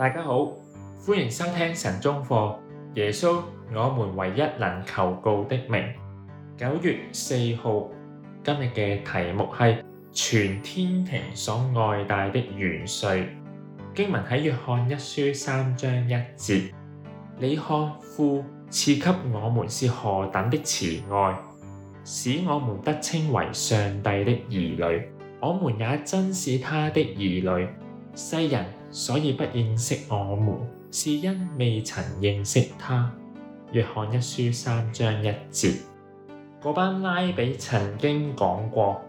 大家好，歡迎收聽晨鐘課。耶穌，我們唯一能求告的名。九月四號，今日嘅題目係全天庭所愛戴的元帥。經文喺約翰一書三章一節。你看父賜給我們是何等的慈愛，使我們得稱為上帝的兒女。我們也真是他的兒女。世人所以不認識我們，是因未曾認識他。約翰一書三章一節，嗰班拉比曾經講過：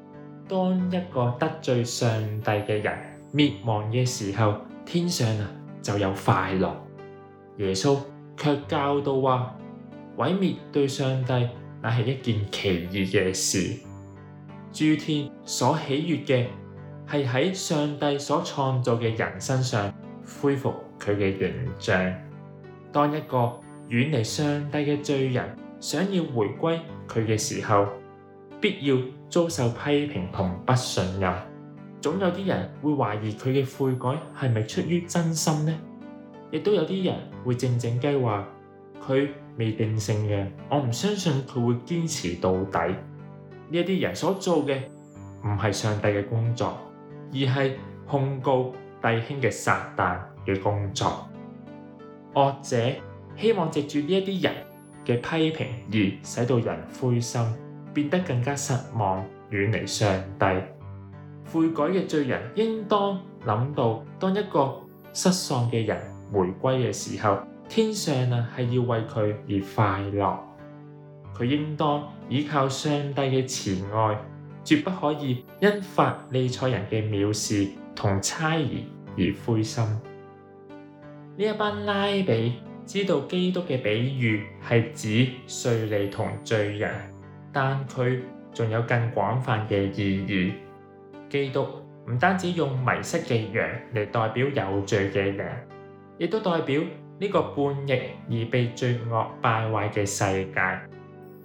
當一個得罪上帝嘅人滅亡嘅時候，天上就有快樂。耶穌卻教導話，毀滅對上帝那係一件奇異嘅事，諸天所喜悅嘅。係喺上帝所創造嘅人身上恢復佢嘅形象。當一個遠離上帝嘅罪人想要回歸佢嘅時候，必要遭受批評同不信任。總有啲人會懷疑佢嘅悔改係咪出於真心呢？亦都有啲人會靜靜雞話佢未定性嘅，我唔相信佢會堅持到底。呢一啲人所做嘅唔係上帝嘅工作。而係控告弟兄嘅撒旦嘅工作，惡者希望藉住呢一啲人嘅批評而使到人灰心，變得更加失望，遠離上帝。悔改嘅罪人，應當諗到，當一個失喪嘅人回歸嘅時候，天上啊係要為佢而快樂。佢應當依靠上帝嘅慈愛。絕不可以因法利賽人嘅藐視同猜疑而灰心。呢一班拉比知道基督嘅比喻係指稅吏同罪人，但佢仲有更廣泛嘅意義。基督唔單止用迷失嘅羊嚟代表有罪嘅人，亦都代表呢個叛逆而被罪惡敗壞嘅世界。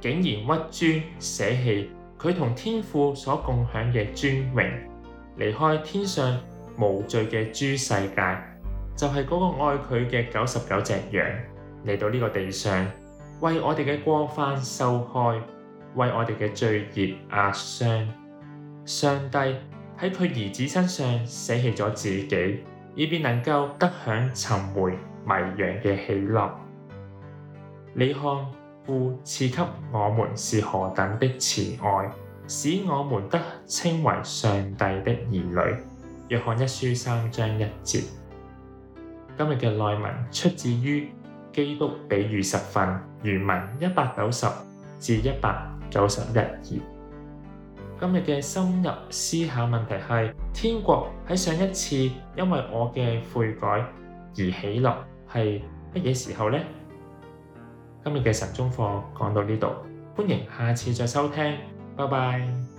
竟然屈尊捨棄佢同天父所共享嘅尊榮，離開天上無罪嘅諸世界，就係、是、嗰個愛佢嘅九十九隻羊嚟到呢個地上，為我哋嘅過犯受害，為我哋嘅罪孽壓傷。上帝喺佢兒子身上捨棄咗自己，以便能夠得享尋回迷羊嘅喜樂。你看。父賜給我們是何等的慈愛，使我們得稱為上帝的兒女。約翰一書三章一節。今日嘅內文出自於《基督比喻十份》，原文一百九十至一百九十一頁。今日嘅深入思考問題係：天國喺上一次因為我嘅悔改而喜樂，係乜嘢時候呢？今日嘅晨鐘課講到呢度，歡迎下次再收聽，拜拜。